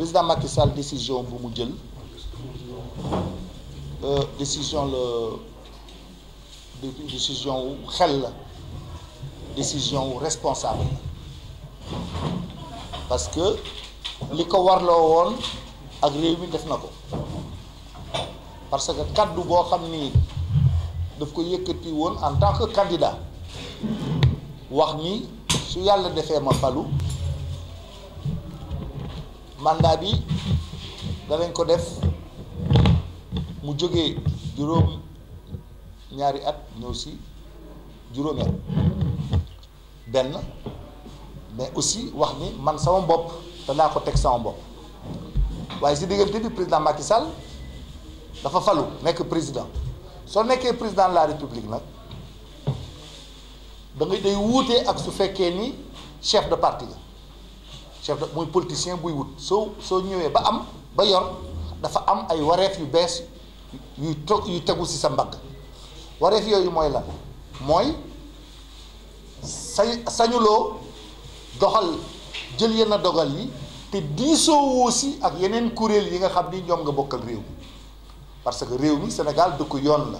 président Macky Sall décision bu mu jël euh, décision la décision wu xel la décision wu responsable parce que li ko warloo woon ak réew mi def na ko parce que kaddu boo xam ni daf ko yëkkati woon en tant que candidat wax ni su yàlla defee ma falu mandat bi danañ ko def mu jógee juróom ñaari at ñëw si juróomi benn mais aussi wax ni man sama bopp danaa ko teg sama bopp waaye si diggante bi président Macky Sall dafa falu nekk président soo nekkee président la république nag da ngay day ak su fekkee ni chef de parti chef de mooy politicien buy wut soo soo ñëwee ba am ba yor dafa am ay wareef yu bees yu to yu tegu si sa mbagg wareef yooyu mooy la mooy sañ sañuloo doxal jël yenn dogal yi te diisoo woo si ak yeneen kuréel yi nga xam ni ñoom nga bokkal réew mi parce que réew mi Sénégal dëkku yoon la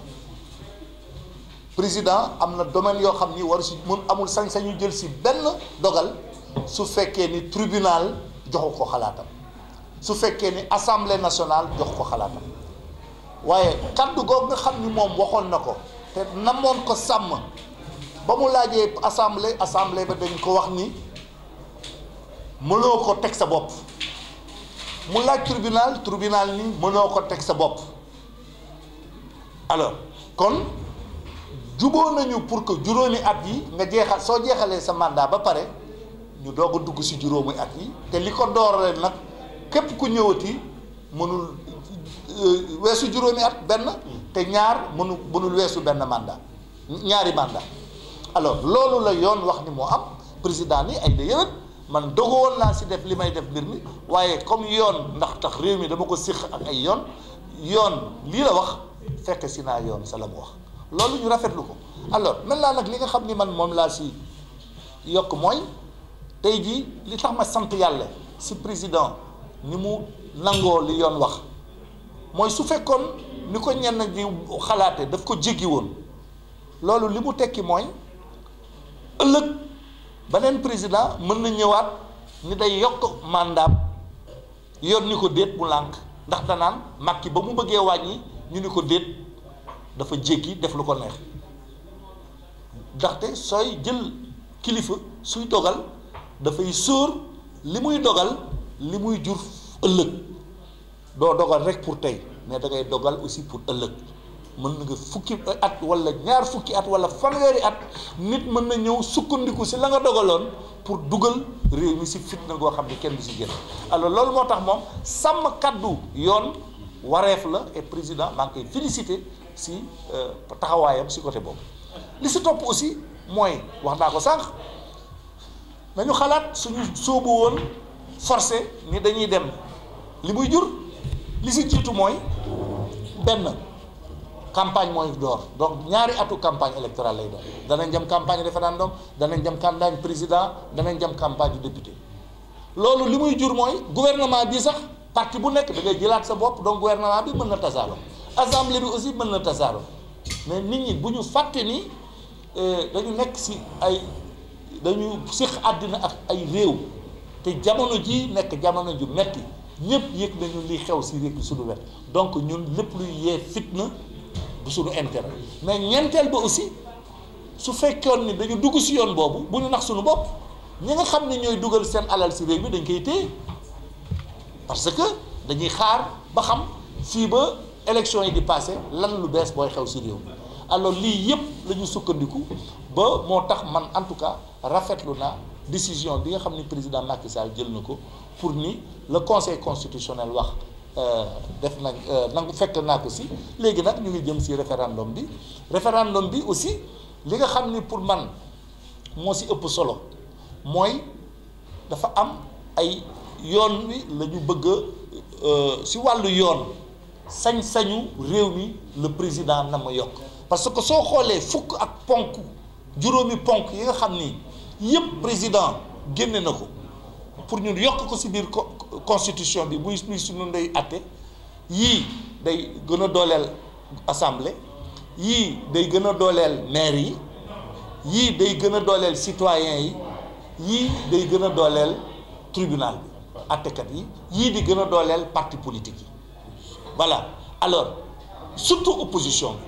président am na domaine yoo xam ni waru si mun amul sañ-sañu jël si benn dogal su fekkee ni tribunal joxu ko xalaatam su fekkee ni assemblée nationale jox ko xalaatam waaye kaddu googu nga xam ni moom waxoon na ko te namoon ko sàmm ba mu laajee assemblée assemblée ba dañ ko wax ni mënoo ko teg sa bopp mu laaj tribunal tribunal ni mënoo ko teg sa bopp alors kon juboo nañu pour que juróomi at yi nga jeexal soo jeexalee sa mandat ba pare ñu doog a dugg si juróomi at yi te li ko door nag képp ku ñëwati mënul euh, weesu juróomi at benn te ñaar mënu mënul weesu benn mandat ñaari mandat alors loolu la yoon wax ni moo am président ni ay la yëwét man dogu woon laa si def li may def mbir mi waaye comme yoon ndax tax réew mi dama ko siq ak ay yoon yoon lii la wax fekk si naa yoon sa la mu wax loolu ñu rafetlu ko alors maintenant nag li nga xam ni man moom laa si yokk mooy tey jii li tax ma sant yàlla si président ñi mu nangoo li yoon wax mooy su fekkoon ni ko ñenn di xalaate daf ko jéggi woon loolu li mu tekki mooy ëllëg beneen président mën na ñëwaat ñu day yokk mandat yoon ni ko déet mu lànk ndax danaan Macky ba mu bëggee wàññi ñu ni ko déet dafa jéggi def lu ko neex ndaxte sooy jël kilifa suy dogal dafay sóor li muy dogal li muy jur ëllëg doo dogal rek pour tey mais da ngay dogal aussi pour ëllëg mën na nga fukki at wala ñaar fukki at wala fanweeri at nit mën na ñëw sukkandiku si la nga dogaloon pour dugal réew mi si fitna goo xam ne kenn du si génn alors loolu moo tax moom sàmm kaddu yoon wareef la et président maa ngi koy félicité si euh, taxawaayam si côté boobu li si topp aussi mooy wax naa ko sànq. nañu xalaat suñu sóobu woon forcé ni dañuy dem li muy jur li si jiitu mooy benn campagne mooy door donc ñaari atu campagne électorale lay doon danañ jëm campagne référendum danañ jëm campagne président danañ jëm campagne député loolu li muy jur mooy gouvernement bi sax parti bu nekk da ngay jëlaat sa bopp donc gouvernement bi mën na tasaaroo assemblée bi aussi mën na tasaalo mais nit ñi bu ñu fàtte ni euh, dañu nekk si ay dañu séq àddina ak ay réew te jamono ji nekk jamono ju metti ñëpp yëg nañu liy xew si réew bi suñu wet donc ñun lépp lu yee fitna du suñu intérêt mais ñeenteel ba aussi su fekkoon ni dañu dugg si yoon boobu bu ñu nax suñu bopp ñi nga xam ne ñooy dugal seen alal si réew bi dañ koy téye parce que dañuy xaar ba xam fii ba élection yi di passé lan lu bees booy xew si réew mi alors lii yëpp la ñu sukkandiku ba moo tax man en tout cas rafetlu na décision bi nga xam ni président Macky Sall jël na ko pour ni le conseil constitutionnel wax euh, def nañ euh, nangu fekk naa ko si léegi nag ñu ngi jëm si référendum bi référendum bi aussi li nga xam ni pour man moo si ëpp solo mooy dafa am ay yoon wi la ñu bëgg euh, si wàllu yoon sañ-sañu réew mi la président na ma yokk parce que soo xoolee fukk ak ponk juróomi ponk yi nga xam ni yépp président génne na ko pour ñu yokk ko si biir constitution bi buy muy suñu ndey atte yii day gën a dooleel assemblée yii day gën a dooleel maire yi yii day gën a dooleel citoyen yi yii day gën a dooleel tribunal bi attekat yi yii di gën a dooleel parti politique yi voilà alors surtout opposition bi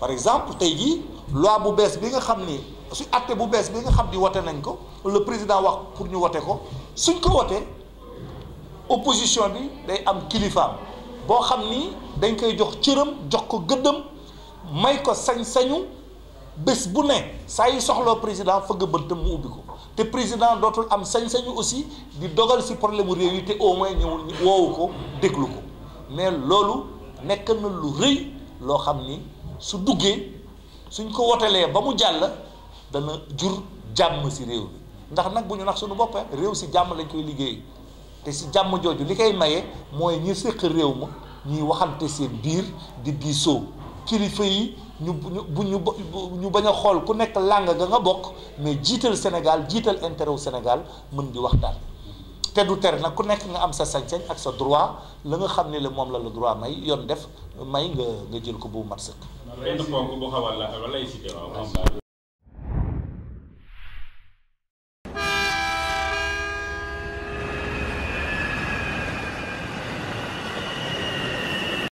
par exemple tey jii loi bu bees bi nga xam ni su atte bu bees bi nga xam di wote nañ ko le président wax pour ñu wote ko suñ ko wote opposition bi day am kilifaam boo xam ni dañ koy jox cëram jox ko gëddam may ko sañ-sañu bés bu ne saa yi soxloo président fëgg bëntam mu ubbi ko te président dootul am sañ-sañu aussi di dogal ci problème réew yi te au moins ñëwul ñu woowu ko déglu ko mais loolu nekk na lu rëy loo xam ni su duggee suñ ko wotelee ba mu jàll dana jur jàmm si réew mi ndax nag bu ñu nax suñu bopp réew si jàmm lañ koy liggéey te si jàmm jooju li koy maye mooy ñi séq réew ma ñuy waxante seen biir di diisoo kilifa yi ñu bu ñu ñu bañ a xool ku nekk làng ga nga bokk mais jiital Sénégal jiital intérêt wu Sénégal mën di waxtaan te du tere nag ku nekk nga am sa sañ-sañ ak sa droit la nga xam ne la moom la la droit may yoon def may nga nga jël ko bu mat sëkk.